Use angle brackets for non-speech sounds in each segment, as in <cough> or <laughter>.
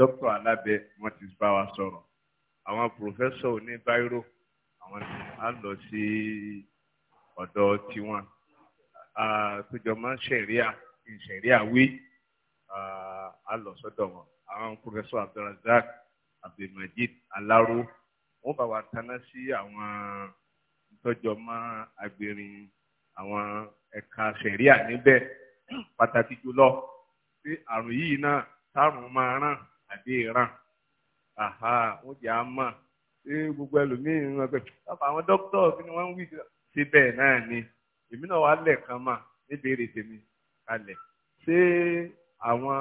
dókítà alábẹ wọn ti bá wa sọ̀rọ̀ àwọn pòfẹsọ oníbáírò àwọn ni a lọ sí ọ̀dọ̀ tiwọn àpéjọ máa ń ṣẹríà ìṣẹríà wí a lọ sọ́dọ̀ wọn àwọn pòfẹsọ abdulrasaq abdulmajid alaro wọn bá wa taná sí àwọn ìtọjọ máa agbèrin àwọn ẹ̀ka ṣẹríà níbẹ̀ pàtàkì jùlọ sí àrùn yìí náà tárùn máa ràn àbí ìran wọ́n jẹ́ á mọ̀ ṣé gbogbo ẹlòmíín ń gbẹ ọ̀pọ̀ àwọn dókítà kí ni wọ́n ń wí sí bẹ́ẹ̀ náà ni èmi náà wà lẹ́ẹ̀kan mà níbèrè tèmi kalẹ̀ ṣé àwọn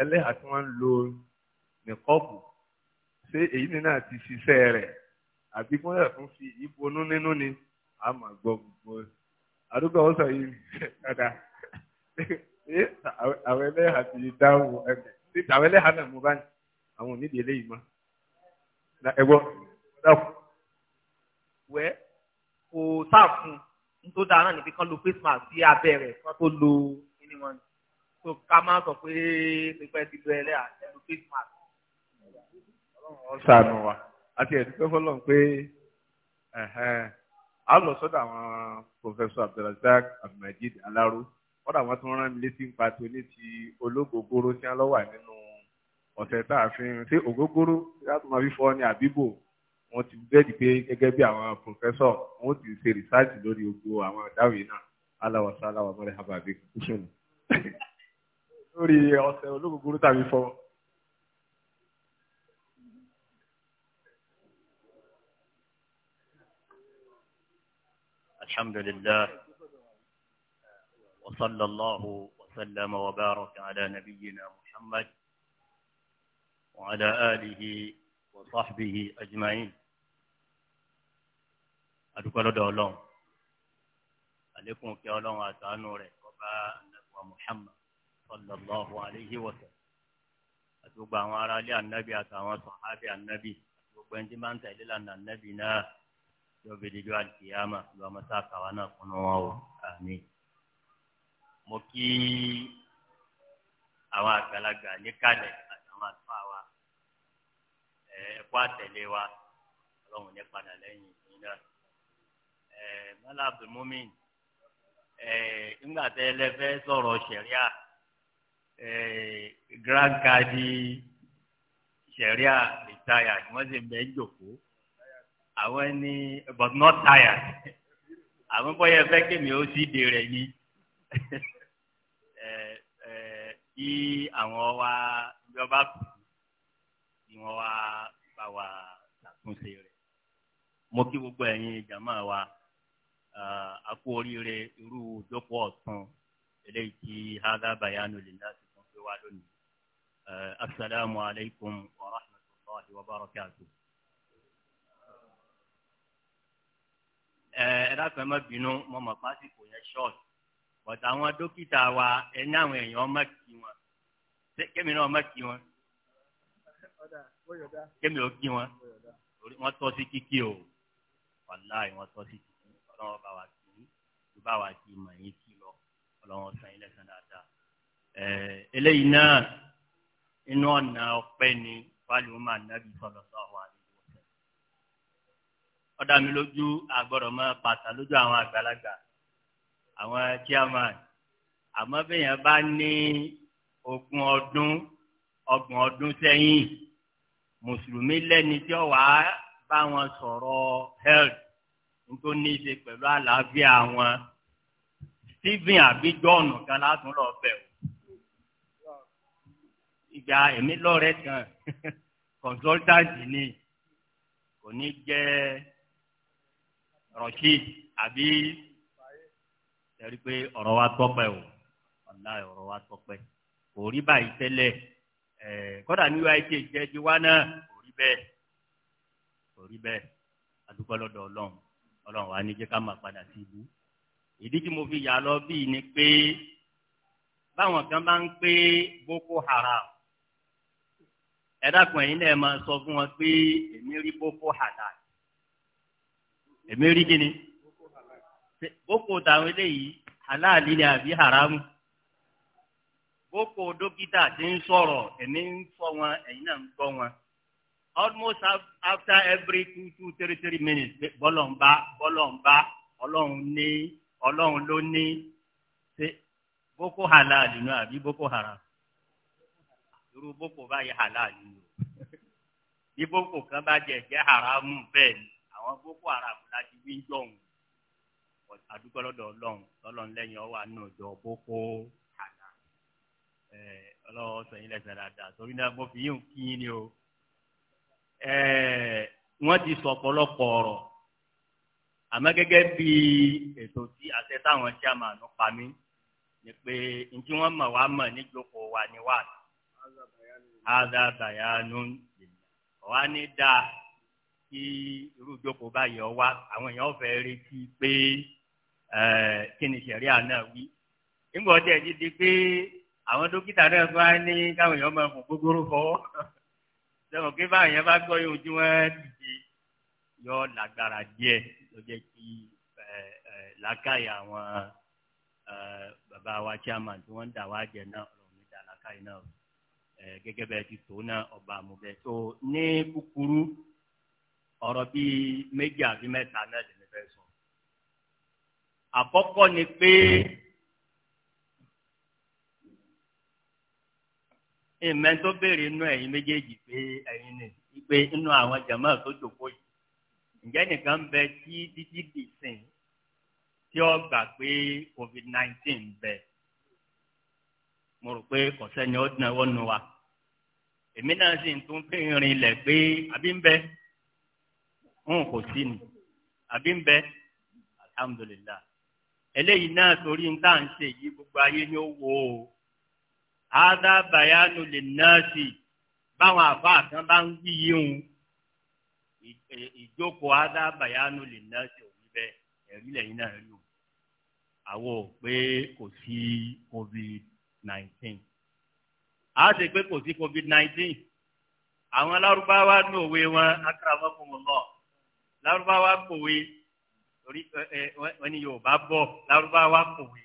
ẹlẹ́hà tí wọ́n ń lo nìkọ́ọ̀bù ṣé èyí ni náà ti ṣiṣẹ́ rẹ̀ àbí kí wọ́n yà tún fi ìbonú nínú ni a máa gbọ́ gbogbo àdúgbò àwọn sọ yìí dáadáa àwọn ẹlẹ́hà ti dáhùn ẹ̀ àwọn ẹlẹ́hà náà mo bá àwọn onídìí eléyìí mọ́ ẹgbọ́ wẹ́ kò sáàfún nítorí dáa náà níbi kan lo face mask sí abẹ́ rẹ̀ kan tó lo kíní wọn so ká máa sọ pé pípẹ́ ti lo ẹlẹ́yà ẹ lo face mask. ọlọ́run ọ ṣàánú wa àti ẹ̀dúpẹ́ fọlọ́n pé a lọ sọ́dọ̀ àwọn professor abdulrasaq abdulmajid alaro wọ́n dà wọ́n tún rán mi létí nípa tó ní ti olóògbé gbóró tí wọ́n lọ wà nínú ọ̀sẹ̀ tá a fi ń ṣe ògógóró láti máa fi fọ́ ní àbíbò wọ́n ti bẹ́ẹ̀dì pé gẹ́gẹ́ bí àwọn pòfẹ́sọ̀ wọ́n ti ṣe rìsáàjì lórí gbogbo àwọn ìdáwé náà aláwọ̀sá aláwọ̀ mọ́lẹ̀ àbàbí kúṣọ̀nù <laughs> lórí ọ̀sẹ̀ olóògógóró tàbí fọ́. الحمد لله وصلى الله وسلم وبارك على نبينا محمد وعلى آله وصحبه أجمعين adúpẹ́ lọ́dọ̀ ọlọ́run àlékún kí ọlọ́run àtàánú rẹ̀ kọba anabiwa muhammad sallallahu alayhi wa sallam àti gbogbo àwọn aráalé anabi àtàwọn sọ̀hábì anabi àti gbogbo ẹni tí máa ń tẹ̀lé lànà anabi náà yóò fi dijọ́ àlùkìyàmà lọ́wọ́ mọ́tà àkàwà náà kúnnú wọn o àmín. mo kí àwọn àgbàlagbà níkàlẹ̀ àtàwọn àlùfáà wa ẹ̀kọ́ àtẹ̀lé wa ọlọ́run ní padà lẹ́yìn ìyìn náà mọ́lá abdulmumin nígbà tẹ́ ẹ lẹ́fẹ́ sọ̀rọ̀ sẹ̀ríà grand kadi sẹ̀ríà retired wọ́n sì bẹ́ẹ̀ jòkó àwọn ẹni but not tired àwọn bọ́yẹ fẹ́ kémi ó sì dé rẹ̀ ni kí àwọn wa ìjọba kù tí wọ́n wá bá wa ṣàtúnṣe rẹ̀. mo kí gbogbo ẹ̀yin jàmáà wa a kú oríire irú ìjókòó ọ̀tún eléyìí tí hadha bayanu linnas ti fún pé wá lónìí. asalaamu alaykum wa rahmatulahi wa barakatuh. ẹ dákun ẹ má bínú mo mọ̀ pásítọ̀ yẹn ṣọ́ọ̀tì bọ̀tà àwọn dókítà wa ẹ ní àwọn èèyàn ọmọ kí wọn kémi náà ọmọ kí wọn kémi ò wọn torí wọn tọ́ sí kíkí o wàláì wọn tọ́ sí kíkí ọlọ́wọ́ bá wa kí ló bá wa kí mọ̀ yín kí lọ ọlọ́wọ́ san ilẹ̀ san dáadáa. eléyìí náà inú ọ̀nà ọ̀pẹ ni wàlúù máa nábì sọ̀rọ̀ sọ̀rọ̀ àdúgbò sẹ́yìn. ọ̀dà mi lójú àgbọ̀dọ̀ máa bàtà lójú àwọn àgbàlagbà àwọn chairman àmọ́ bẹ́ẹ̀ yẹn bá ní ogún ọdún ọgbọ̀n ọdún sẹ́yìn mùsùlùmí lẹ́ni tí ó wà bá wọn sọ̀rọ̀ health tó ní í ṣe pẹ̀lú àlàáfíà wọn stephen àbí john kan látún lọ bẹ̀ o ìgbà èmi lọ́rẹ́ kan <laughs> consultant ni kò ní jẹ́ Rashid àbí tẹ̀rí pé ọ̀rọ̀ wa tọ́pẹ́ o ọ̀la ọ̀rọ̀ wa tọ́pẹ́ kò rí báyìí tẹ́lẹ̀ Eh, kọ́dà ní uit jẹ́ ti wá náà kò rí bẹ́ẹ̀ kò rí bẹ́ẹ̀ adúgbò lọ́dọ̀ ọlọ́run ọlọ́run wa ní jẹ́ ká máa padà sí ibú ìdí tí mo fi yà lọ bíi ni pé báwọn kan bá ń pé Boko Haram ẹ dákun ẹ̀yin náà máa sọ fún wọn pé èmi rí Boko Haram èmi rí kíni Boko tàwọn eléyìí halali ni àbí haramu boko dókítà ti ń sọ̀rọ̀ èmi ń fọ́ wọn ẹ̀yin náà ń gbọ́ wọn almost after every two two three three minutes bọ́lọ̀ ń bá bọ́lọ̀ ń bá ọlọ́run ní ọlọ́run ló ní ṣe boko halal nù àbí boko haram irú boko báyìí halal nù bí boko kan bá jẹ jẹ haramu bẹ́ẹ̀ ni àwọn boko haram láti wí jọ̀hún àdúgbò lọ́dọ̀ ọlọ́run lọ́lọ́run lẹ́yìn ọwọ́ àánú ọjọ́ boko. Eh, ọlọ́wọ́ sọ yín lẹ́sẹ̀ dáadáa torí náà mo fi yín kí yín ni o eh, wọ́n ti sọ ọ̀pọ̀lọpọ̀ ọ̀rọ̀ àmọ́ gẹ́gẹ́ bí ètò tí àṣẹ táwọn ṣe àmà ló pa mí ni pé ntí wọ́n mọ̀ wá mọ̀ níjókòó wa ni wà azabayanu ọ̀wá ní kí irú ìjókòó báyìí àwọn èèyàn fẹ́ retí pé eh, kí ni náà di pé. àwọn dókítà náà fún wa ní káwọn èèyàn máa fún gbogbo fọwọ́ sẹ́wọ̀n kí báyìí yẹn bá gbọ́ yóò ju wọn dìde yọ lágbára díẹ̀ ló jẹ́ kí làákàyè àwọn bàbá wa chairman tí wọ́n ń dà wá jẹ náà ọlọ́run ní dà làákàyè náà gẹ́gẹ́ bẹ́ẹ̀ ti tó náà ọba àmúbẹ́ tó ní kúkúrú ọ̀rọ̀ bíi méjì àbí mẹ́ta náà lè fẹ́ sọ. àkọ́kọ́ ni pé. ìmẹ́ tó béèrè inú ẹ̀yin méjèèjì pé ẹ̀yin ni pé inú àwọn jàmáà tó jòkó yìí ǹjẹ́ nìkan bẹ tí títí dì tí ó gbà pé covid nineteen bẹ mo rò pé kọ̀sẹ́ni ó dín ẹwọ́ nu wa èmi náà sì ń tún fi rinlẹ̀ pé àbí ń bẹ ń kò sí ni àbí ń bẹ alhamdulilah eléyìí náà torí ń tà ń ṣe yìí gbogbo ayé ni ó wò ó ada bayanu lè nọ́ọ̀sì báwọn àfáà kan bá ń wí yíhun ìjókòó ada bayanu lè nọ́ọ̀sì òbí bẹ́ẹ̀ ẹ̀rí lẹ́yìn náà rí o àwọn ò pé kò sí covid nineteen a ṣe pé kò sí covid nineteen àwọn lárúbáwá ní òwe wọn akramakumullah lárúbáwá pòwe torí ẹ ẹ wọn ni yorùbá bọ lárúbáwá pòwe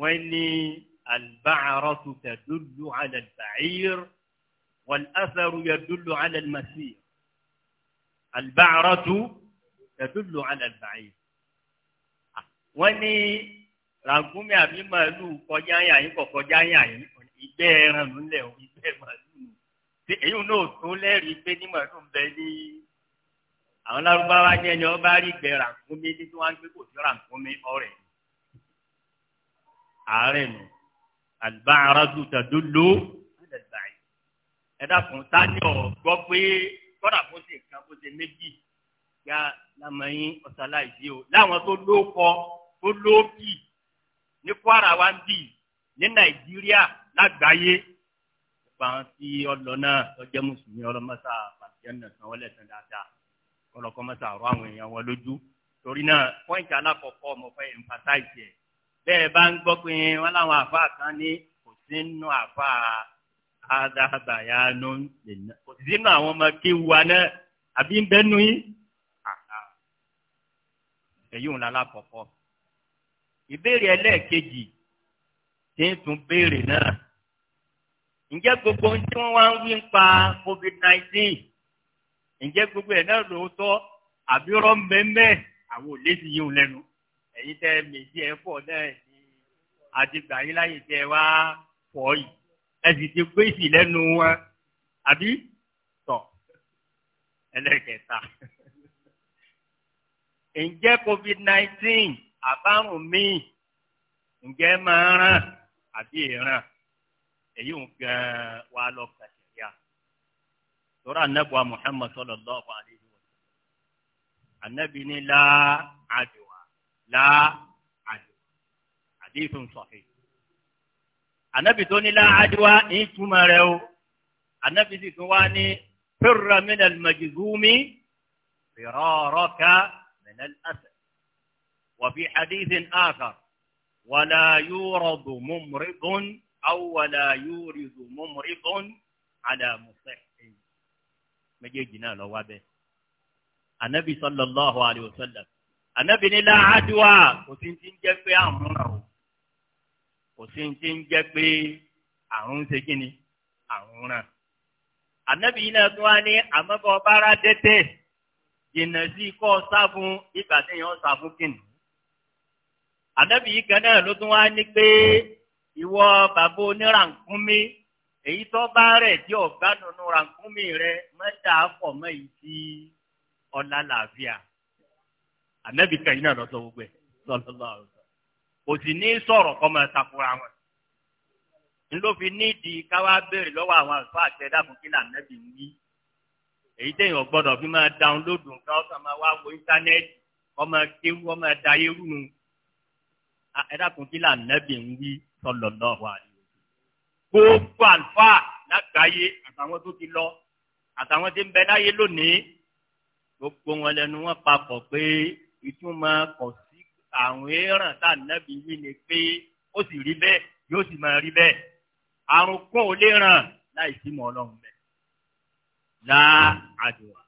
wọn ni. البعرة تدل على البعير والأثر يدل على المسير البعرة تدل على البعير wọ́n ní ràgúnmí àbí màálù kọjá yàyín kọ̀ kọjá yàyín ìgbẹ́ ẹran lulẹ̀ o ìgbẹ́ màálù nù tí èyí náà tó lẹ́rìí pé ní màálù ń bẹ ní àwọn lárúbáwá ní ẹni ọba rí ìgbẹ́ ràgúnmí ní tí wọ́n á gbé kò sí ràgúnmí ọ̀rẹ́ ààrẹ nù àlùbáàrádù tàdúlò ẹ̀dàgbàì ẹ̀dàkùn sáni ọ̀ gbọ́ pé kọ́dà kó ṣe kan kó ṣe méjì ya lamẹ́yìn ọ̀sálàìsí o láwọn tó lóko tó lóòkì ní Kwara wa ń bì ní Nàìjíríà lágbàáyé gbàǹ tí ọlọ náà lọ́jọ́ mùsùlùmí ọlọ́mọ́sá pàṣẹ náà sanwó lẹ́sẹ̀ dáadáa ọlọ́kọ́ mọ́sá àwọn èèyàn wọn lójú torí náà pọ́ìntì alákọ̀ọ́kọ́ ọmọ fẹ́ emphasize ẹ̀ bẹ́ẹ̀ bá ń gbọ́ pé wọ́n láwọn àfa kan ní kò sí nínú àfa adabaya ló ń lè kò sí nínú àwọn ọmọ kéwu wa náà àbí ń bẹ́ẹ̀ nu yín. èyí ń lala kọ̀kọ́. ìbéèrè ẹlẹ́ẹ̀kejì tí ń tún béèrè náà. ǹjẹ́ gbogbo ohun tí wọ́n wá ń wí ń pa covid nineteen ǹjẹ́ gbogbo ẹ̀ náà lóòótọ́ àbí rọ́ mẹ́mẹ́ àwọn ò lè fi yín lẹ́nu ẹ̀yin tẹ́ méjì ẹ̀ fọ̀ náà ni àdìgbà yín láyè tẹ́ wá fọ̀ yìí ẹ sì ti gbé ìsì lẹ́nu wọn àbí tọ̀ ẹlẹ́kẹta. ǹjẹ́ covid nineteen àbárùn míì ǹjẹ́ máa ràn àbí ìran èyí ń gan wa lọ kàṣẹ́yà. sọ́rọ́ anábọ̀ muhammad sallallahu alaihi wa sallam anábì ní láàádùn. لا عدوى حديث صحيح النبي توني لا عدوى انتم رو النبي توني فر من المجذوم فرارك من الاسد وفي حديث اخر ولا يورض ممرض او ولا يورد ممرض على مصح مجيجنا لو النبي صلى الله عليه وسلم ànábì ní adua kò sí ti ń jẹ́ pé àrùn rà o kò sí ti ń jẹ́ pé àrùn ṣe kí ni àrùn rà ànábì yìí náà tún wá ní àmọ́bọ̀ bára dẹ́tẹ̀ jìnnà sí kọ́ sáfún ìgbà tí yẹn ń sáfún kìnnì ànábì yìí kan náà ló tún wá ní pé ìwọ bàbá onírànkúnmí èyí tó bá rẹ̀ tí ọ̀gbánu nírànkúnmí rẹ mẹ́ta fọ̀ mọ́ èyí tí ọ̀la làbíà ànábì kan yìí náà lọ gbogbo ẹ̀ sallallahu alaihi wasallam kò sì ní sọ̀rọ̀ kọ́ máa takora wọn ńlọ́fi nídìí káwá béèrè lọ́wọ́ àwọn àlùfáà àti ẹ̀dá kò kí lànàbì ń yí èyí téèyàn gbọ́dọ̀ fi máa dáńlódù nǹkan ọ̀sán máa wá wo íńtánẹ́ẹ̀tì kọ́ máa kéwú kọ́ máa da ayé rúnu ẹ̀dá kò kí lànàbì ń yí sallallahu alaihi wasallam gbogbo àlùfáà lágbàáyé àtàwọn tó ti lọ àtàwọn tí ń bẹ láyé lónìí gbogbo wọn lẹ́nu wọn papọ̀ pé ìtumọ̀ kò sí àrùn èèràn tá nàbí wí ni pé ó sì rí bẹ́ẹ̀ yóò sì máa rí bẹ́ẹ̀ àrùn kò lè ràn láì sí mọ́ ọlọ́run bẹ́ẹ̀ lá àdùá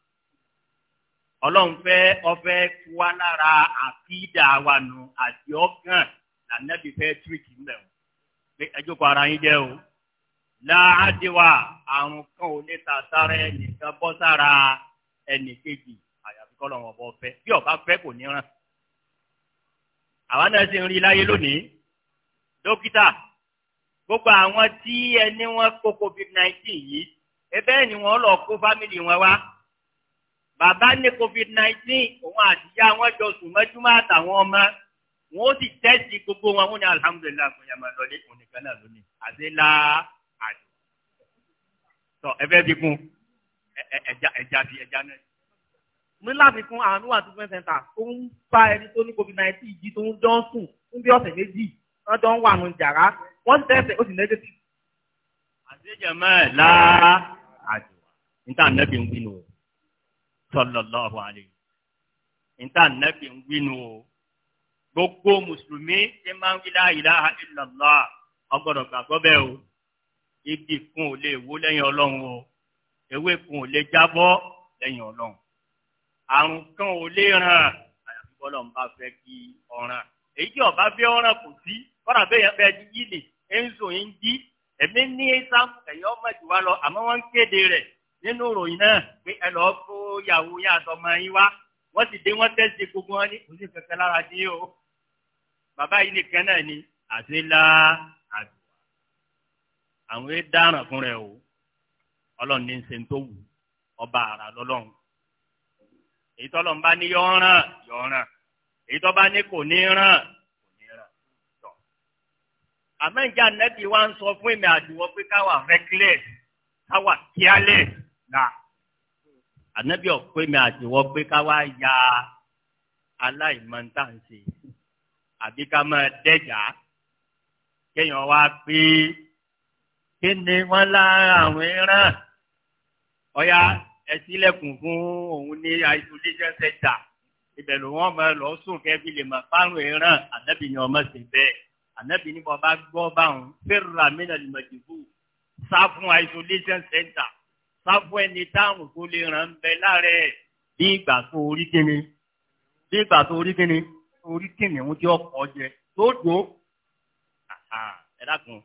ọlọ́run fẹ́ ọfẹ́ wá lára àkídà wa nù àti ọkàn lànàbí fẹ́ tírìkì ń o pé ẹjọ́ kọ ara yín jẹ́ o lá àrùn kan ò lè ta sára ẹnìkan bọ́ sára ẹnìkejì tọ́lọ́wọ́n bọ́ fẹ́ bí ọba fẹ́ kò ní ràn. àwa náà sì ń rí láyé lónìí dókítà gbogbo àwọn tí ẹni wọn kó covid nineteen yìí ebe ni wọn lọ kó fámìlì wọn wá bàbá ní covid nineteen òun àtìyá wọn jọ sùn mọ́júmọ́ àtàwọn ọmọ wọn ó sì tẹ́sí gbogbo wọn wọn ní alihamudulilayi fún yàrá lọlé òun nìkan náà lónìí àti la àdùn. tọ ẹ fẹ́ fi kún ẹja ẹja ti ẹja náà ní láfikún àánú àti fún ẹsẹ̀ntà tó ń bá ẹni tó ní covid nineteen yìí tó ń jọ ń sùn fún bí ọ̀sẹ̀ méjì wọ́n jọ ń wà nù jàrá wọ́n ń tẹ̀sẹ̀ ó sì negative. àṣejẹ mẹ́ẹ̀ lá àjùwà níta nẹ́bí ń wínú o sallallahu alaihi níta nẹ́bí ń wínú o gbogbo mùsùlùmí ṣe máa ń wí la ilaha illallah ọgbọ́dọ̀ gbàgbọ́ bẹ́ẹ̀ o igi kun ò lè wó lẹ́yìn ọlọ́run o ewé kun ò lè jábọ́ lẹ́yìn ọlọ́run àrùn kan ò lè ràn àyàfi bọ́lọ̀ ń bá fẹ́ kí ọ̀ràn èyí tí ọba fẹ́ ọ̀ràn kò sí kọ́nà bẹ́ẹ̀ yẹn bẹ́ẹ̀ yí lè enzo yín jí èmi ní sam ẹ̀yọ́ ọmọdé wa lọ àmọ́ wọ́n ń kéde rẹ̀ nínú ìròyìn náà pé ẹ lọ́ọ́ kó yàwó yá àtọmọ yín wá wọ́n sì dé wọ́n tẹ́sí gbogbo wọn ní kò sí kẹ̀kẹ́ lára dé o bàbá yìí nìkan náà ni àti la àwọn èèyàn dáràn fún rẹ o ọlọ́run ní í ṣe tó wù ọba àrà lọ́lọ́run èyí tọ́lọ̀ ń bá ní yọ ràn yọ ràn èyí tọ́ bá ní kò ní ràn kò ní ràn tọ́. àmẹ́jà nẹ́bí wa ń sọ fún èmi àdìwọ́ pé káwa reckless káwa careless là ànẹ́bí ọ̀pẹ́ mi àdìwọ́ pé káwa ya aláìmọ̀ntàǹsì àbí ká máa dẹ́jà kéèyàn wá pé kí ni wọ́n lára àwọn ìran ọ̀ya ẹ fún òun ní isolation center ibẹ̀ ló wọ́n máa lọ sùn kẹ́bí lè máa fárùn ìran ànábì ni ọmọ sì bẹ́ẹ̀ ànábì ni bọ́ bá báwọn fẹ́ràn àmínà lè sá fún isolation center sá fún ẹni táwọn tó lè ràn bẹ láàrẹ̀ bí ìgbà tó orí kíni bí ìgbà tó orí kíni orí kíni òun tí ọkọ̀ jẹ tó dò ẹ dákun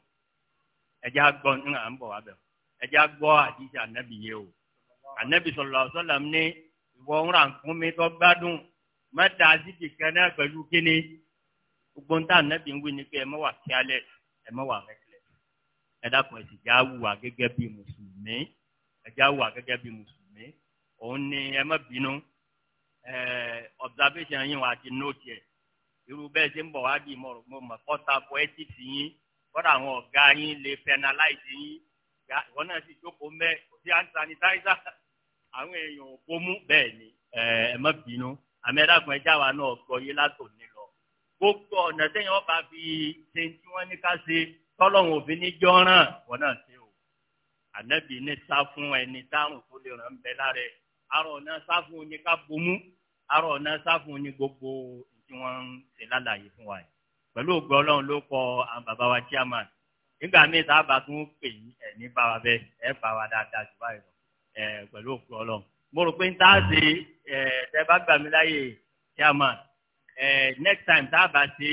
ẹ jẹ́ àgbọ̀ ń bọ̀ wá bẹ̀ ẹ jẹ́ àgbọ̀ àdìsí ànábì yẹ o anabi sọlọ sọlọ ní ìwọ ń ra nǹkan mi tó gbádùn mẹ́ta síbi kan náà kíni gbogbo nta anabi ń wí ni pé ẹ má wà kíálẹ ẹ má wà rẹkẹlẹ ẹ dákun ẹ sì já wùwà gẹ́gẹ́ bí mùsùlùmí ẹ já wùwà gẹ́gẹ́ bí mùsùlùmí òun ni ẹ má bínú ẹ observation yín wà ti nóòtì ẹ irú bẹ́ẹ̀ ṣe ń bọ̀ wá di mo mọ̀ kọ́ta poetics yín kọ́dà àwọn ọ̀gá yín lè penalize yín ìwọ náà sì jókòó mẹ́ kò sí hand sanitizer àwọn èèyàn ò bomú bẹ́ẹ̀ ni ẹ má bínú àmì ẹ̀dàkùn ẹja wa náà gbọ́ yé látòní lọ gbogbo ọ̀nà téèyàn bá fi ṣe tí wọ́n ní ká ṣe tọ́lọ́hún òfin ní jọ́ràn wọn náà ṣe o ànábì ní sá fún ẹni dárùn tó lè ràn bẹ́ lára ẹ̀ arọ̀ ọ̀nà sá fún ni ká bomú arọ̀ ọ̀nà sá fún ni gbogbo tí wọ́n ń ṣe lálàyé fún wa yìí pẹ̀lú ògbọ́ ọlọ́run ló kọ àwọn bàbá wa chairman a bá pẹ̀lú òkú ọlọ́run mo rò pé tá a ṣe ẹ bá gbà mí láyè yàmà next time tá a bá ṣe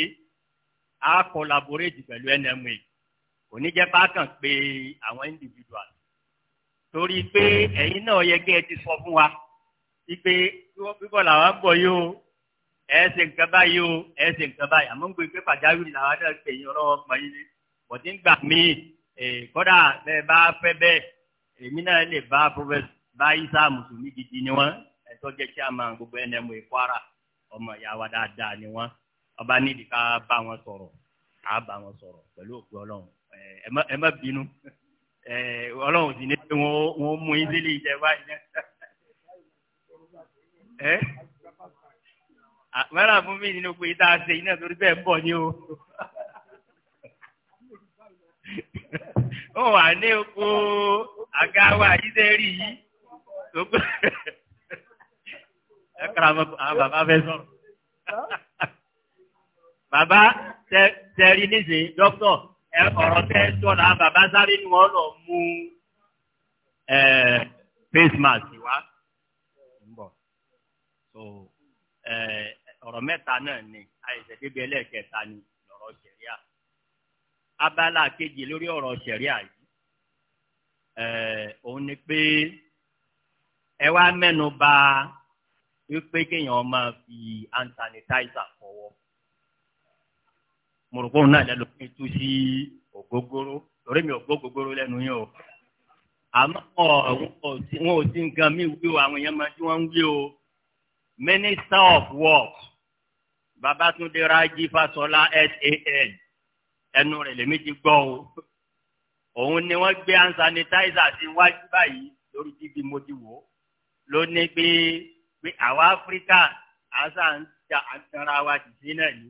a collaborate pẹ̀lú NMA kò ní jẹ́ pákàn pé àwọn individual torí pé ẹ̀yin náà yẹ kí ẹ ti sọ fún wa wípé bíbọ̀ làwọn ń bọ̀ yìí o ẹ ṣe nǹkan báyìí o ẹ ṣe nǹkan báyìí àmọ́ ń gbé pé pàjáwìrì làwọn náà ń pè yín ọlọ́wọ́ pọ̀ yín ni bọ̀dé ń gbà mí kọ́dà bẹ́ẹ̀ bá fẹ́ bẹ́ẹ̀ èmi náà lè bá pọfẹsọ bá isa mùsùlùmí gidi ni wọn ẹtọ jẹ chairman gbogbo nmu kwara ọmọ ìyá wa dáadáa ni wọn ọba nídìí ká bá wọn sọ̀rọ̀ ká bá wọn sọ̀rọ̀ pẹ̀lú òkú Ọlọ́run ẹ má bínú Ọlọ́run sì ní pé wọn mú yín ìjẹ báyìí <laughs> ẹ mẹ́rà fún mi nínú pé tá a ṣe iná torí bẹ́ẹ̀ ń bọ̀ ni o. <laughs> ó wà ní oko àga wa ayídẹ́rì yìí gbogbo ẹ kàrà àwọn bàbá fẹ́ sọ̀rọ̀. bàbá tẹ̀rí níṣẹ́ dókítọ̀ ẹ ọ̀rọ̀ tẹ́ sọ̀rọ̀ àwọn bàbá sáré ni wọ́n lọ mú face mask wá. ọ̀rọ̀ mẹ́ta náà ni àìsàn débi ẹlẹ́ẹ̀kẹta ni lọ́rọ̀ jẹ̀ríà abala kejì lórí ọ̀rọ̀ ṣẹ̀ríà yìí òun ni pé ẹ wá mẹ́nu bà wípé kéèyàn máa fi hand sanitizer fọwọ́ mo rò pé òun náà lẹ́nu pé tú sí ògógóró lórí mi ò gbó ògógóró lẹ́nu yín o àmọ́ wọn ò sí nǹkan mi wí o àwọn èèyàn máa tí wọ́n ń wí o minister of work Babátúndé Rájí Fásọlá SAN ẹnu rẹ̀ lèmi ti gbọ́ o òun ni wọ́n gbé ansanitaiza sí wájú báyìí lórí tv mo ti wò ó ló ní pé pé àwa áfíríkà àṣà ń ta àtàrà wa ti sí náà ni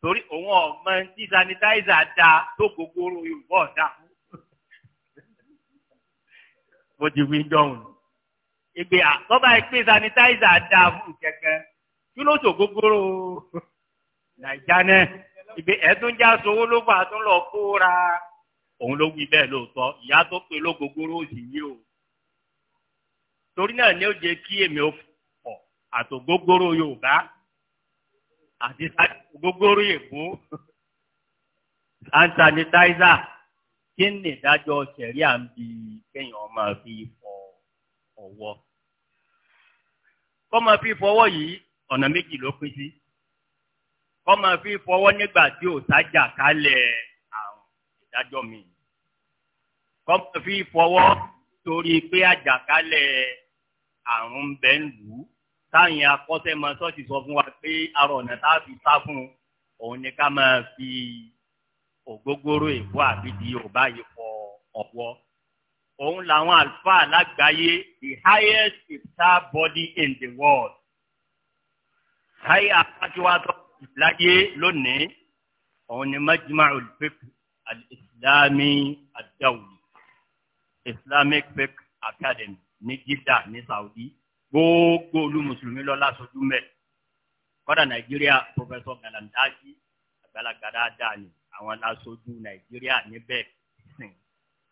torí òun ọmọ tí sanitaiza da tó gogoro yorùbá ọ̀dà <laughs> mo ti wí dọ́hùn ìgbé àtọ́ba ìpè sanitaiza da fún kẹ̀kẹ́ kí ló sọ gogoro <laughs> nàìjà náà ìgbé ẹ̀dún já sowó ló gbà tó lọ kóra òun ló wí bẹ́ẹ̀ lóòótọ́ ìyá tó pe lógógóró òsì yìí o torí náà ni ó jẹ́ kí èmi ò pọ̀ àtògógóró Yorùbá àti àtògógóró èbó antanitaiza kí ni ìdájọ́ sẹ̀ríà ń bi kéèyàn máa fi fọ ọwọ́ kọ́ máa fi fọwọ́ yìí ọ̀nà méjì ló pín sí. Si kọ́mọ fi fọwọ́ nígbà tí ò sájà kálẹ̀ àrùn ìdájọ́ mi kọ́mọ fi fọwọ́ torí pé àjàkálẹ̀ àrùn ń bẹ lù ú táyìn akọ́ṣẹ́mọṣẹ́ ti sọ fún wa pé arọ̀nà tá a fi sá fún òun ni ká máa fi ògógóró èkó àbídí yorùbá yìí fọ ọwọ́ òun làwọn àlùfáà lágbàáyé the highest iftar body in the world. Háyé apájúwá tó láyé lónìí òun ni majma'u al-fiqh al-islami ad-dawli islamic fiqh academy ní Jeddah ní Saudi gbogbo olú mùsùlùmí lọ́la sojú mẹ́ kọ́dà Nàìjíríà pọfẹsọ Galandaji àgbàlagbà dáadáa ni àwọn aláṣojú Nàìjíríà níbẹ̀ sìn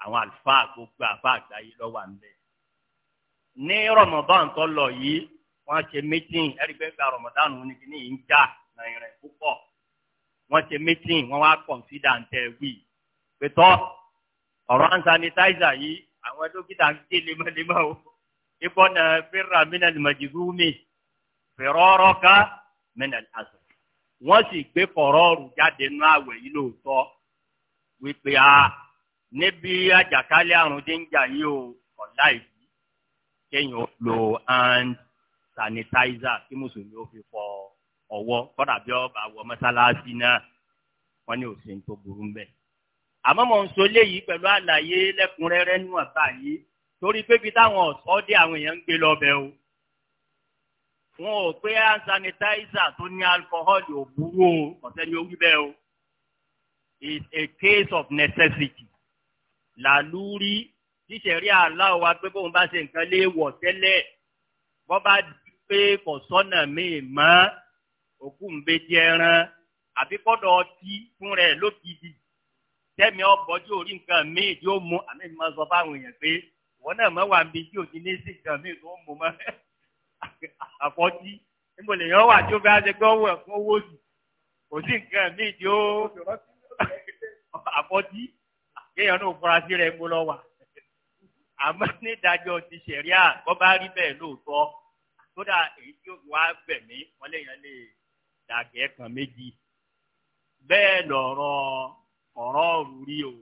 àwọn àlùfáà gbogbo àfáà àgbáyé lọ́wọ́ à ń bẹ̀. ní Ramadan tó lọ yìí wọ́n ṣe meeting ẹ̀rí pé gba Ramadan ní kíní yìí ń jà ìrìn púpọ̀ wọ́n ṣe mítìn wọ́n wá kọ̀ǹsídà ń tẹ̀ wí pẹ̀tọ́ ọ̀rọ̀ hand sanitizer yìí àwọn dókítà ń ké lemọ́lemọ́ o ìbọnà fẹ́ràn mìíràn màjìlúmi fẹ̀rọ̀rọ̀ ká mìíràn àṣà wọ́n sì gbé kọ̀rọ̀ọ̀rù jáde nú àwẹ̀ yìí lóòótọ́ wípé a níbi àjàkálẹ̀ àrùn déńjà yìí o ọ̀la ìlú kéèyàn lo hand sanitizer kí mùsùlùmí ó fi fọ ọ́ ọwọ́ kọ́dà ọba wọ mọ́sálásí náà wọ́n ní òsín tó burú ń bẹ̀. àmọ́ mò ń sọ léyìí pẹ̀lú àlàyé lẹ́kùnrẹ́rẹ́ níwọ̀n báyìí torí pé bí táwọn ọ̀sọ́ dé àwọn èèyàn ń gbé lọ́bẹ̀ o. wọn ò pé hand sanitizer tó ní alcohol ò burú o ọ̀sẹ̀ ni ó wí bẹ́ẹ̀ o. it's a case of necessity. làlúrí tíṣẹ̀rí aláwọ̀ wa pé bóun bá ṣe nǹkan léèwọ̀ tẹ́lẹ̀ bọ́ bá pé kò sọ́nà míì mọ́ òkú ń bẹ jẹ ẹran àbí kọ́dọ̀ ọtí fún rẹ̀ lókìdí tẹ́mi ọ̀bọ̀jú orí nǹkan míì tí ó mú àmì ìmọ̀ sọ fáwọn èèyàn pé wọn náà mọ̀ wà níbi tí òtí ní sí nǹkan míì tó ń mú mọ́ <laughs> àfọ́jí níbo lèèyàn wà tí ó fẹ́ ṣe gbọ́ wọ̀ fún owó jù kò sí nǹkan míì tí ó <laughs> àfọ́jí kéèyàn náà fura sí rẹ̀ gbó lọ́wọ́ àmọ́ nídàájọ́ ti ṣẹ̀ríà bọ́ bá rí bẹ́ẹ̀ lóòótọ́ kódà èyí tí ó wá bẹ̀mí wọ́n lè yàn lè dàgẹ́ kan méjì bẹ́ẹ̀ lọ̀rọ̀ ọ̀rọ̀ ọ̀rù rí o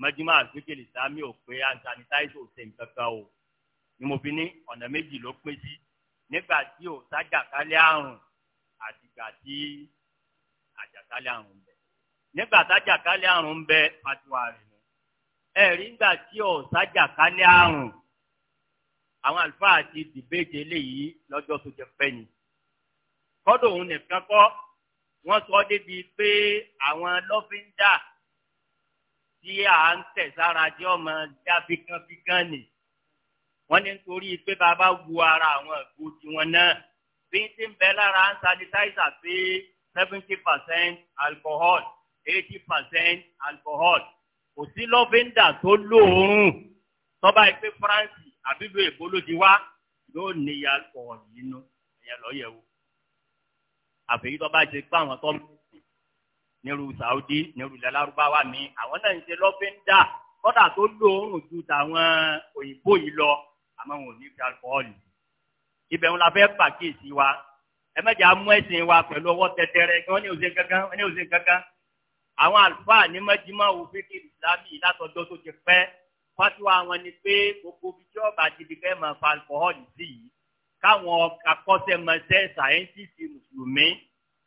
mẹ́jìmá àgbékèlè sámi ò pé ansanitáìsì ò ṣe nǹkan kan o ni mo fi ní ọ̀nà méjì ló pín sí nígbà tí ò sájàkálẹ̀ àrùn àtìgbà tí àjàkálẹ̀ àrùn bẹ̀ nígbà tájàkálẹ̀ àrùn bẹ pàtiwà rẹ̀ ni ẹ̀rí ńgbà tí ò sájàkálẹ̀ àrùn àwọn àlùfáà ti dìbéjì eléyìí lọ́jọ́ tó jẹ pẹ́ yìí kọ́dọ̀ òun nìkan kọ́ wọ́n sọ débi pé àwọn lọ́fíńdà tí à ń tẹ̀ sára jẹ́ ọmọ já bíkánbíkán nì wọ́n ní nítorí pé bàbá wu ara àwọn ìgò tiwọn náà bí n ti bẹ lára ń sanitizer pé seventy percent alcohol eighty percent alcohol kò sí lọ́fíńdà tó lóòórùn tọ́ba ìpè France àbílò èkó ló ti wá yóò níyà alcohol nínú ẹ̀yẹ lọ́yẹ̀wò àfẹ́yí tó bá ṣe pé àwọn tó mẹ́sìn nírú Saudi nírú ilẹ̀ Lárúbáwá mi àwọn náà ń ṣe lọ́fíńdà kọ́dà tó lóorùn ju tàwọn òyìnbó yìí lọ àmọ́ wọn ò ní fi alukọ́ọ̀lù ibẹ̀ wọn la fẹ́ pàkíyèsí wa ẹ mẹ́jẹ̀ amú ẹ̀sìn wa pẹ̀lú ọwọ́ tẹtẹrẹ kí wọ́n ní òsè kankan wọ́n ní òsè kankan àwọn àlùfáà ní mẹ́jìmá òfin kí ìsìlámì látọjọ́ tó ti pẹ́ fatiwa wọn ni pé gbogbo ibi tí ọba ti di fẹ́ máa fa alukọ́ọ̀lù sí yìí káwọn akọ́ṣẹ́mọṣẹ́ sáyẹ́ntìsì mùsùlùmí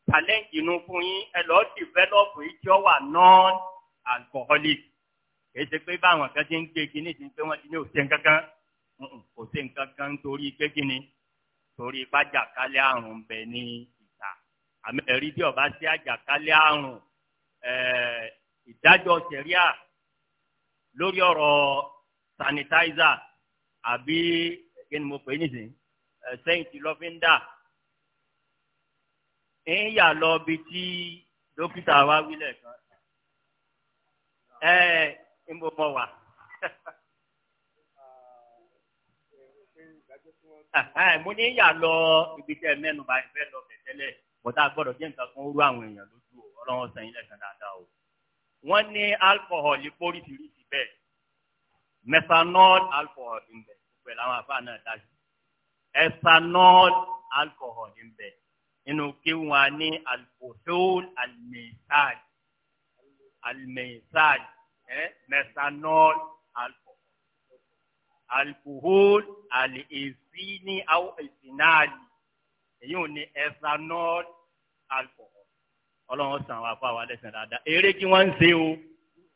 challenge inú fún yín ẹ lọ́ọ́ dìvẹ́lọ́pù yìí tí ó wà non-alcoholic èyí ṣe pé báwọn kan ti ń gbé kínní ti ń pé wọ́n ti ní òṣèǹ kankan kò sí nǹkan kan torí pé kínní torí ipá jàkálẹ̀ àrùn bẹ̀ ní ìta àmì ẹ̀rí tí ọba sí àjàkálẹ̀ àrùn eh, ìdájọ́ sẹ̀ríà lórí ọ̀rọ̀ sanitizer àbí kí ni mo pè é nìsín ẹ̀sẹ̀yìn tí lọ́fíńdà ń yà lọ bi tí dókítà wa wílẹ̀ kan ẹ̀ ń bọ̀ mọ́ wa. mo ní yà lọ ibi tẹ́ mẹ́nu bá ìfẹ́ lọ tẹ̀tẹ́lẹ̀ bọ́tà gbọ́dọ̀ jẹ́ nǹkan kan ó rú àwọn èèyàn lójú o ọlọ́run sẹ́yìn lẹ́sàn dáadáa o. wọ́n ní alcohol póríṣiríṣi bẹ́ẹ̀ methanol alcohol ń bẹ pẹ̀lú àwọn àfáà náà dájú ethanol alcohol ń bẹ nínú kí wọn ní alcohol almethad almethad eh? methanol alcohol alcohol alesini aw esinali èyí ò ní ethanol alcohol ọlọ́run sàn wá fún àwọn alẹ́sìn dáadáa eré kí wọ́n ń ṣe o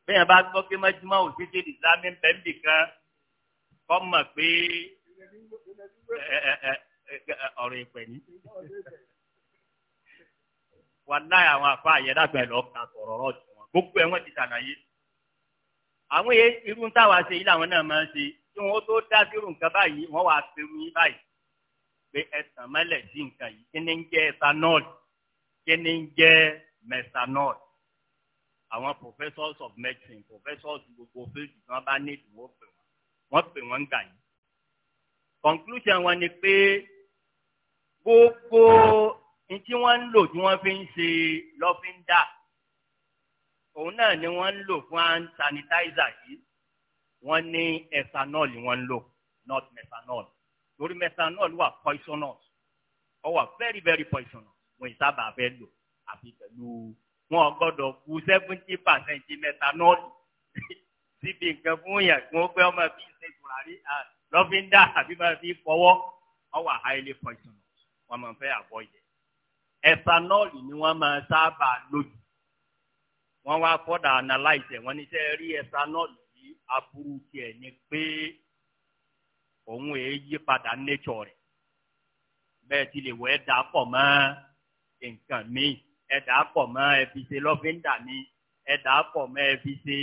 bẹ́ẹ̀ bá gbọ́ pé mọ́júmọ́ òṣèṣe ìsìlámì bẹ́ẹ̀ nìkan kọ́ mọ̀ pé ọ̀rọ̀ ìpè ní. wàá láyà àwọn àfa àyẹ̀dá pẹ̀lú ọ̀kan sọ̀rọ̀ ọ̀rọ̀ jù wọn gbogbo ẹ̀ wọ́n ti ṣàlàyé. àwọn irú táwa ṣe yìí làwọn náà máa ń ṣe tí wọ́n tó dá dúró nǹkan báyìí wọ́n wàá fẹ́rù yín báyìí pé ẹ̀sán mẹ́lẹ̀ sí nǹkan yìí kí ni ń jẹ́ ethanol kí ni ń jẹ́ methanol àwọn professors of medicine professors gbogbo fíìdì tí wọ́n bá ní ìdìbò pè wọ́n wọ́n pè wọ́n ń gà yìí conclusion wọn ni pé gbogbo ntí wọ́n ń lò tí wọ́n fi ń ṣe lọ́fíńdà òun náà ni wọ́n ń lò fún hand sanitizer yìí wọ́n ní ethanol wọ́n ń lò not methanol torí methanol wà poisonous ó wà very very poisonous wọ́n ìsábà fẹ́ lò àfi pẹ̀lú wọ́n gbọ́dọ̀ kú seventy percent methanol <laughs> síbi nǹkan fún yẹn kí wọ́n pẹ́ ọmọ bíi ṣe tùràrí àti lọ́fíńdà àbí bá fi fọwọ́ wọ́n wà highly poisonous wọ́n máa fẹ́ avoid it. ethanol ni wọ́n máa sábà lójú wọ́n wá fọ́dà analyze ẹ̀ wọ́n ní sẹ́ rí ethanol yìí aburú tiẹ̀ ni pé òun èé yí padà nature rẹ̀ bẹ́ẹ̀ ti lè wọ ẹ̀dá pọ̀ mọ́ nǹkan míì ẹ̀dá pọ̀ mọ́ ẹbí ṣe lọ́fíńdà ni ẹ̀dá pọ̀ mọ́ ẹbí ṣe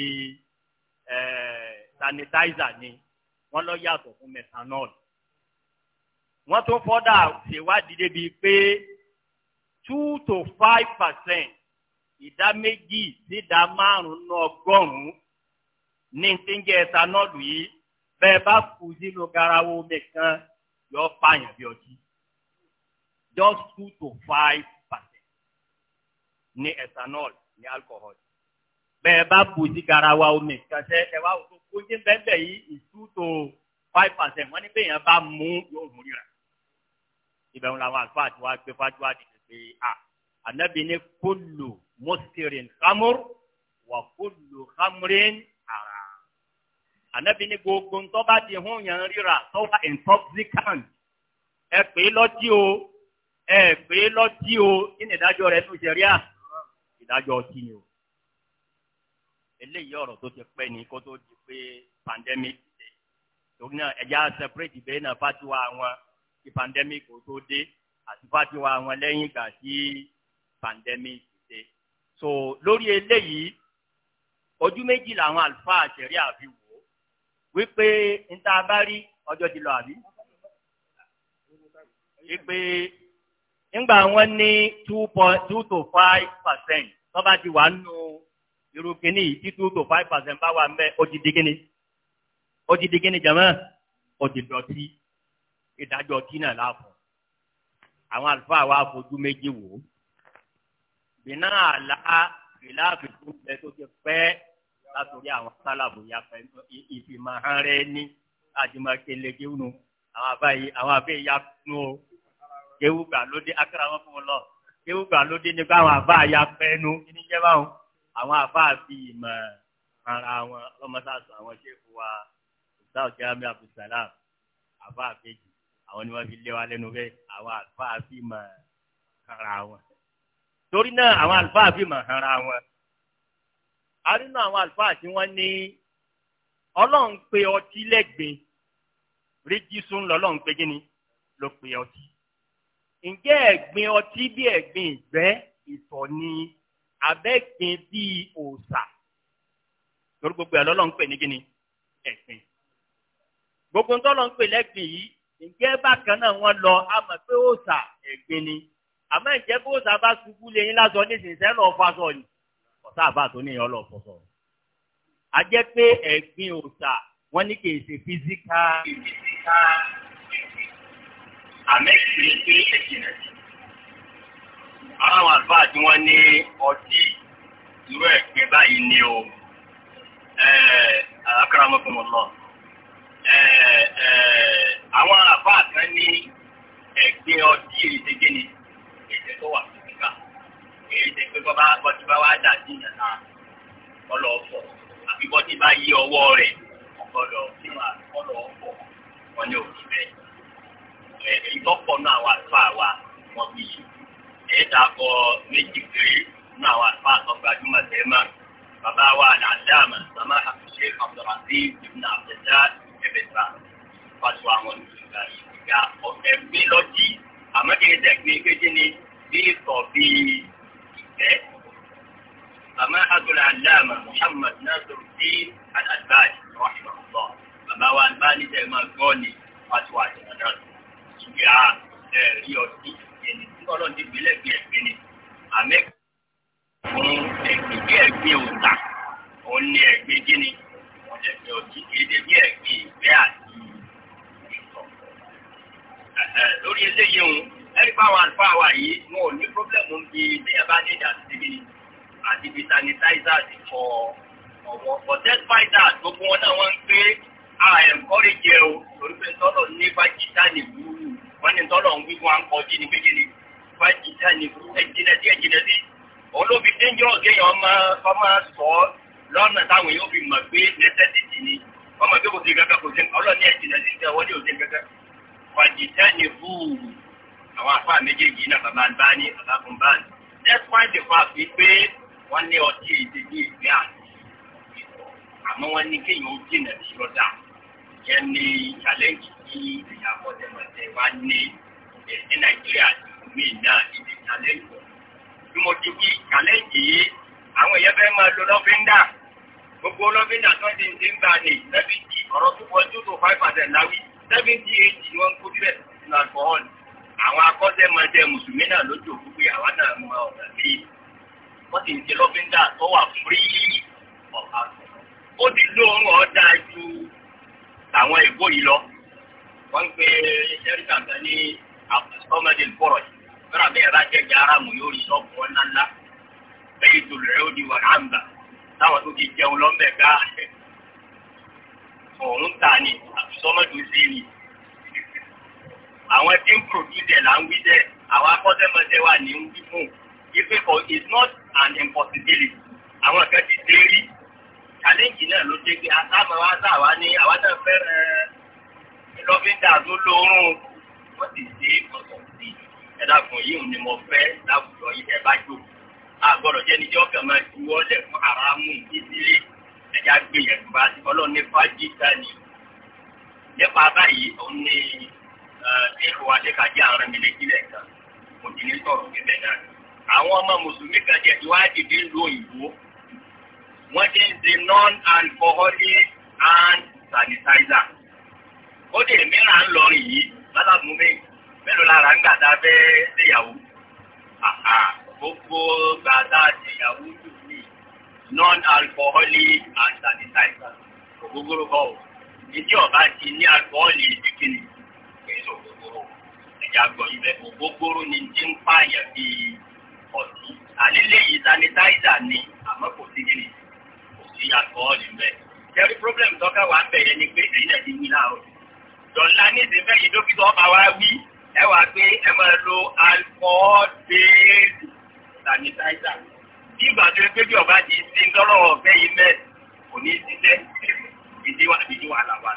sanitizer ni wọ́n lọ yàtọ̀ fún methanol wọ́n tún fọ́dà ṣèwádìí débi pé two to five percent ìdá méjì sídá márùn-ún ọgọ́rùn-ún ní ti ń jẹ́ ethanol yìí bẹ́ẹ̀ bá kú sínú garawo omi kan yọ pààyàn bí ọtí just two to five percent ní ethanol ní alcohol bẹ́ẹ̀ bá kú sí garawa omi kan ẹ wá wò tó gbogbo tí ń bẹ́ẹ̀ bẹ́ẹ̀ yìí is two to five percent wọ́n ní pé èèyàn bá mú yóò mú rírà ìbẹ̀rù làwọn àlùfáà tí wàá gbé fájúwá dìde pé a ànábì ní kullu muskirin khamur wà kullu khamrin ara ànábì ní gbogbo ntọ́ bá di hún yẹn rírà tó wà intoxicant ẹ pè é lọ́tí o ẹ pè é lọ́tí o kí ni ìdájọ́ rẹ̀ nù sẹ́ríà ìdájọ́ ọtí ni o eléyìí ọ̀rọ̀ tó ti pẹ́ ni kó tó di pé pandemic dé torí náà ẹ̀já separate bẹ́ẹ̀ náà fatiwa wọn kí pandemic kò tó dé àti fatiwa wọn lẹ́yìn ìgbà tí pandemic dé so lórí eléyìí ojú méjì làwọn àlùfáà àtẹ̀rí àfi wò ó wípé níta bá rí ọjọ́ ti lọ àbí wípé ńgbà wọn ní two point two to five percent tó bá ti wà nù. No irú kíní yìí tí two to five percent bá wà ń bẹ ó ti di kíní ó ti di kíní jẹmọ ó ti dọ̀tí ìdájọ́ ọtí náà láàfọ àwọn àlùfáà wa fojú méjì wò ó bìnnà àlá ìlàfi tó ń bẹ tó ti pẹ́ látòrí àwọn sálàbù yàfẹ́ ìfìmọ̀ hàn rẹ ní àdìmọ̀kẹ́lẹ́ kéwùnú àwọn àbáyé àwọn àbẹ́ yàfẹ́ nù ó kéwù gbà lóde akérè àwọn fún wọn lọ kéwù gbà lóde nígbà àwọn àbá yàfẹ́ nù kí ni jẹ́ báwọn àwọn àfáàfi ìmọ̀ ara wọn ọlọ́mọsáàsọ àwọn ṣéèfù wa ìsáwọ̀ kí ámì abdulsalam àfáàfẹ́jì àwọn ni wọ́n fi lé wa lẹ́nu bẹ́ẹ̀ àwọn àfáàfi ìmọ̀ ara wọn. torí náà àwọn àfáàfi ìmọ̀ ara wọn. a rí nínú àwọn àfáà tí wọ́n ní ọlọ́run pé ọtí lẹ́gbẹ̀ẹ́ rígísùn lọ́lọ́run pé kíni ló pé ọtí. ǹjẹ́ ẹ̀gbin ọtí bí ẹ̀gbin ìgbẹ́ ìtọ̀ ni abẹ́gbin bíi òòṣà lórí gbogbo ẹ̀ lọ́lọ́ ń pè ní kíni ẹ̀sìn gbogbo ń tọ́lọ́ ń pè lẹ́gbìn yìí ǹjẹ́ bákan náà wọ́n lọ àmọ̀ pé òòṣà ẹ̀gbin ni àmọ́ ǹjẹ́ bí òòṣà bá ṣubú lẹ́yìn lásán nísinsìnyí lọ́ọ́ fa sọ ni ọ̀tá àbá tó ní ìyọ́ lọ́ọ́ sọ̀sọ̀ a jẹ́ pé ẹ̀gbin òòṣà wọ́n ní kì í ṣe físíkà àmẹ́sì ní aráwọ̀ àlùfáà tí wọ́n ní ọtí irú ẹ̀gbẹ́ báyìí ni o akọ́ramọ́kùnmọ́ lọ. àwọn àlùfáà kan ní ẹ̀gbẹ́ ọtí ìṣègbè ni èdè tó wà fún kíkà èyí tẹ pé bọ́tí bá wá dà sí ìyàtà ọlọ́ọ̀fọ̀ àbí bọ́tí bá yí ọwọ́ rẹ̀ ọ̀gbọ́dọ̀ sí máa ọlọ́ọ̀fọ̀ wọn ní òbí bẹ́ẹ̀. ìtọ́pọ̀ náà wà fún àwa wọn bí yìí ẹ̀dá kọ méjì péré nínú àwọn àlùfáà àtọ́ gbajúmọ̀ tẹ́ẹ̀mà bàbá wa àdáàmà sàmà àfìṣe àbdùràdì ìbùnà àbẹ̀dá ẹ̀bẹ̀ta pàṣẹ àwọn ìgbà ìgbà ọ̀fẹ́ gbé lọ́jì àmọ́ kí ni tẹ̀gbìn kéjì ni bí ìtọ̀ bí ìfẹ́ sàmà àbdùràdàmà Muhammad Nasiruddin Al-Albani rahimahullah bàbá wa Albani tẹ́ẹ̀mà gbọ́ ni pàṣẹ àjẹmọ́ náà kọ́lọ́ ti gbélé gbé ẹ̀gbin ni àmì fún ẹ̀gbin bí ẹ̀gbin òòtà òun ni ẹ̀gbin gíní òun ni ẹ̀gbin òjì èdè bí ẹ̀gbin ìgbẹ́ àti ìtọ̀. lórí eléyìí òun ẹ̀rí báwa àlùfáà wa yìí wọn ò ní pọ́blẹ́mù bí bíyẹn bá ní ìdá síbi àti bí sanitizer ti fọ ọwọ́ but despite that gbogbo wọn náà wọ́n ń gbé àẹ̀kọ́rẹ́jẹ o torí pé tọ́lọ̀ nípa jìtá nìgbú wọ́n ní tọ́lọ̀ ń wí wọn ni ní ni fájìtá ni ẹjìnà sí ẹjìnà sí òun ló fi dangerous kéèyàn ọmọ sọ lọ́nà táwọn yóò fi mọ̀ pé necessity ni ọmọ pé kò sí kankan kò sí ọlọ́ọ̀ni ẹjìnà sí ìjọ wọlé òsè kankan fájìtá ni fúù àwọn afá méjèèjì náà bàbá ń bá ní bàbá fún bá ní. despite the fact wípé wọ́n ní ọtí èdè ní ìgbé àná àmọ́ wọ́n ní kéèyàn ó jìnà sí lọ́dà yẹn ní challenge tí ìyàbọ̀ tẹ̀mọ̀tẹ̀ wá ní ní Nàìjíríà ti mi ìdá ibi challenge bí mo ti kí challenge yìí àwọn èèyàn fẹ́ máa lo lọ́fíńdà gbogbo lọ́fíńdà tó ń ti ń gbà ní seventy ọ̀rọ̀ tó wọ two to five percent láwí seventy eight ni wọ́n ń kó sílẹ̀ nínú alcohol àwọn akọ́ṣẹ́mọṣẹ́ mùsùlùmí náà lójú òkú pé àwa náà mọ ọ̀nà sí wọ́n ti ń ti lọ́fíńdà tó wà free of alcohol ó ti lóorun ọ̀dà ju àwọn ìbò yìí lọ wọ́n ń pe ṣẹ́ríkà ní ọmọdé ìkọ̀rọ̀ yìí fẹ́ràn bẹ́ẹ̀ bá jẹ́ jẹ́ aráàmù yóò rí sọ́ọ̀bù wọn ńláńlá lẹ́yìn tó lè ó di wàhánbà táwọn tó ti jẹun lọ́mẹ̀ gbá òun ta ni àbùsọ́mọ́dún sí ni àwọn tí ń produce là ń wí dẹ́ àwọn akọ́sẹ́mọsẹ́ wà ní ń wí ife for is not an impossibility àwọn kan ti dé rí challenge náà ló dé pé àtàwọn wa sáwa ní àwọn náà fẹ́ lọ́fíńdà eh, tó lóorùn wọ́n ti dé ọ̀sán sí i ẹ̀dá kan yìí ni mo fẹ́ láwùjọ yìí ẹ̀ bá jò a gbọ́dọ̀ jẹ́ níjẹ́ ọkàn máa ju ọlẹ̀ fún aráàmù ìdílé ẹ̀dá gbé yẹn tó bá ti ọlọ́ọ̀ni fájítà ni nípa báyìí ó ní ṣéèkù wa ṣe kàdí àárín mi létí lẹ́ẹ̀kan kò sì ní sọ̀rọ̀ níbẹ̀ náà àwọn ọmọ mùsùlùmí kan jẹ́ ti wá dìde lu òyìnbó wọ́n ti ń ṣe non-alcoholic hand sanitizer ó dè mìíràn lọrin yìí látàbùmẹ́yìn mélòó lára ń gàdá fẹ́ ṣèyàwó gbogbo gàdá ṣèyàwó jù ní non-alcoholic and sanitizer ògógóró kọ́ ò ìdí ọ̀bá ti ní alcohol ìdí kìnnì pẹ̀lú ògógóró ẹ̀jẹ̀ àgbọ̀ ibẹ̀ ògógóró ni ti ń pààyàn bíi ọ̀tí àlélẹ́ yìí sanitizer ni àmọ́ kò sí kìnnì kò sí alcohol ìbẹ̀ kẹrí problem tọ́ka wà ń bẹ̀rẹ̀ ni pé ẹ̀yin náà ti wí láàárọ̀ dọ̀la ní ìsìnkú ẹ̀yìn dókítà ọba wa wí. ẹ wà pé ẹ máa lo alcohol based sanitizer bí ìgbà tó ń pé bí ọba ti ṣe ala tọ́lọ̀ mẹ́ kò ní í ṣiṣẹ́ ìdíwà ìdíwà làwà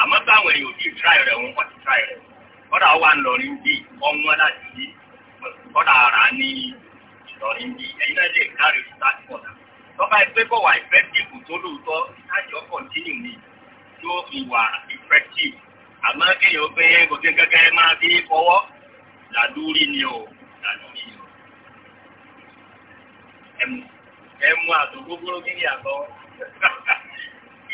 àmọ́ táwọn èèyàn ò tí rẹ̀ ti rẹ̀ kọ́dà wà ń lọ ọmọ láti kọ́dà ara ní náà lè kárí kọ́dà ẹgbẹ́ bọ̀ ìfẹ́ dìbò tó ni ìwà ìfẹ́ àmọ́ kéèyàn pé kò sí kẹ́kẹ́ máa fi fọwọ́ làlúrí ni o làlúrí ni o. ẹmu àtòkókóró kiri àtọ.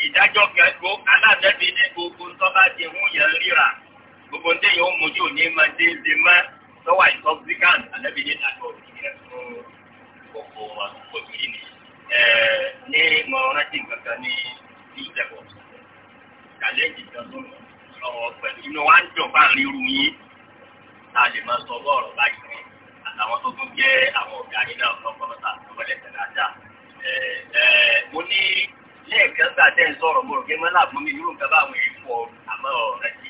ìdájọ́ kẹ́kọ̀ọ́ aláàbẹ̀bí ní gbogbo ńtọ́ba ti mú yẹn ríra gbogbo ńdé yóò mójú òní máa dé ṣe mọ́ lọ́wọ́ intoxicant alábí ní ìdájọ́ ìdílé fún gbogbo àtòkókóró yìí ni. ní mo rántí ní ìjẹ́bọ̀ kàlẹ́jì kan tó lọ. lọ́wọ́ pẹ̀lú inú wa ń dùn bá ń yín tá a lè máa sọ ọwọ́ ọ̀rọ̀ báyìí fún àtàwọn tó tún jẹ́ àwọn ọ̀gá yín náà lọ́ta tẹ̀lé ajá. mo ní tẹ́ ń sọ̀rọ̀ mo rò pé mọ́lá fún mi irú nǹkan báwọn èyí fọ àmọ́ ọ̀rẹ́ ní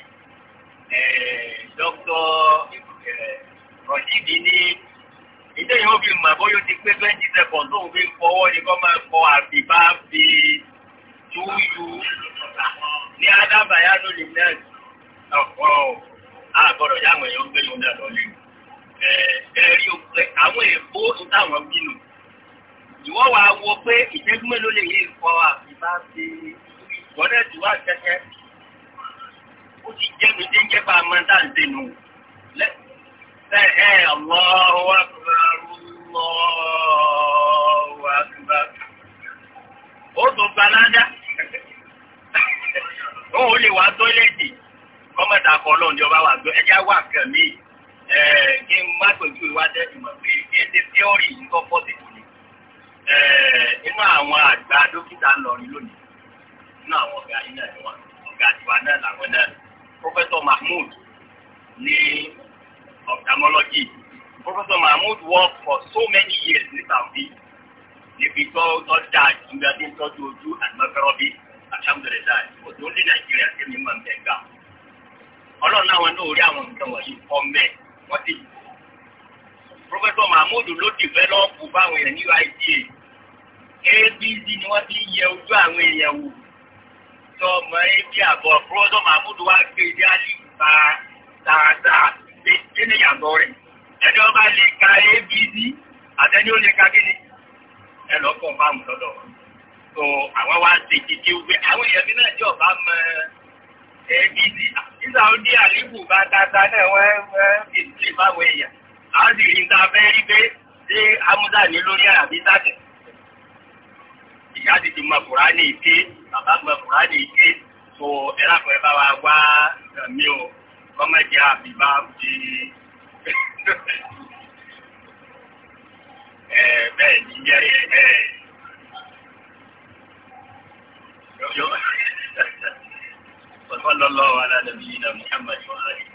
ilé yìí ó fi mọ̀ bóyá ó ti pé twenty seconds túúyú ní adábàyá ló lè náà ọ̀pọ̀ àgbọ̀dọ̀ yá àwọn èèyàn gbé lóun dà lọ́lẹ̀. ẹ̀ẹ́dẹ̀rí àwọn èèbó táwọn bínú. ìwọ́ wa wo pé ìṣẹ́jú mélòó lè yé ìkọ́ àbíbá ṣe ìgbọ́nẹ̀tì wà kẹ́kẹ́. ó ti jẹ́ mi dé ń jẹ́ pa amọ́ńtà ń dènù. ẹ̀ẹ́ Allahu akbar Allahu akbar. ó tún gbaládá. òun ò lè wá tóílẹ̀tì kọ́mọ̀tà ndị lóun ọba wà gbé ẹja wà kàn mí kí n má pèjú ìwádẹ́ ìmọ̀ pé èdè tíọ́rì yìí kọ́ ni àwọn àgbà dókítà lónìí àwọn ọ̀gá wọn ọ̀gá náà làwọn náà Mahmood ní Mahmood for so many years ní Saudi. níbi tó tó dáa jù ní adé tọ́jú ojú àdìmọ́fẹ́rọ́ bí alhamdulilayi kò tó ní nàìjíríà tí mi máa ń bẹ̀ gbà. ọlọ́run náwọn náà rí àwọn nǹkan wọ̀nyí kọ́ mẹ́ wọ́n ti jù. pọfẹ́sọ̀ mahmudu ló dìvẹ́lọ́pù báwọn èèyàn ní uida abc ni wọ́n ti ń yẹ ojú àwọn èèyàn wò. sọ ọmọ ebi àbọ̀ pọfẹ́sọ̀ mahmudu wá gbé ilé alì gba tààtàà pé kí ni yàgò rẹ̀ ẹni ọba lè ka abc àtẹni ó lè ka kí ni ẹ lọ kọ lọ́dọ̀ so àwọn wa ṣe jìjì wípé àwọn èèyàn mi náà jẹ́ ọ̀bá mọ ẹbí nígbà ó dé àléébù bá dáadáa náà wọ́n wọ́n fi sílẹ̀ fáwọn èèyàn àwọn sì rí nǹkan abẹ́ rí pé ṣé amúdá ní lórí àbí sáàtẹ̀ ìyá ti ti mọ kùránì ike bàbá mọ kùránì ike so ẹ lápẹ̀ bá wa wá mi o kọ́mẹ́jì àbí bá ti. <laughs> bẹ́ẹ̀ ni yẹ bẹ́ẹ̀ yọ <laughs> ọlọlọ wa lánàá bí yìí na Muhammad wa alayhi.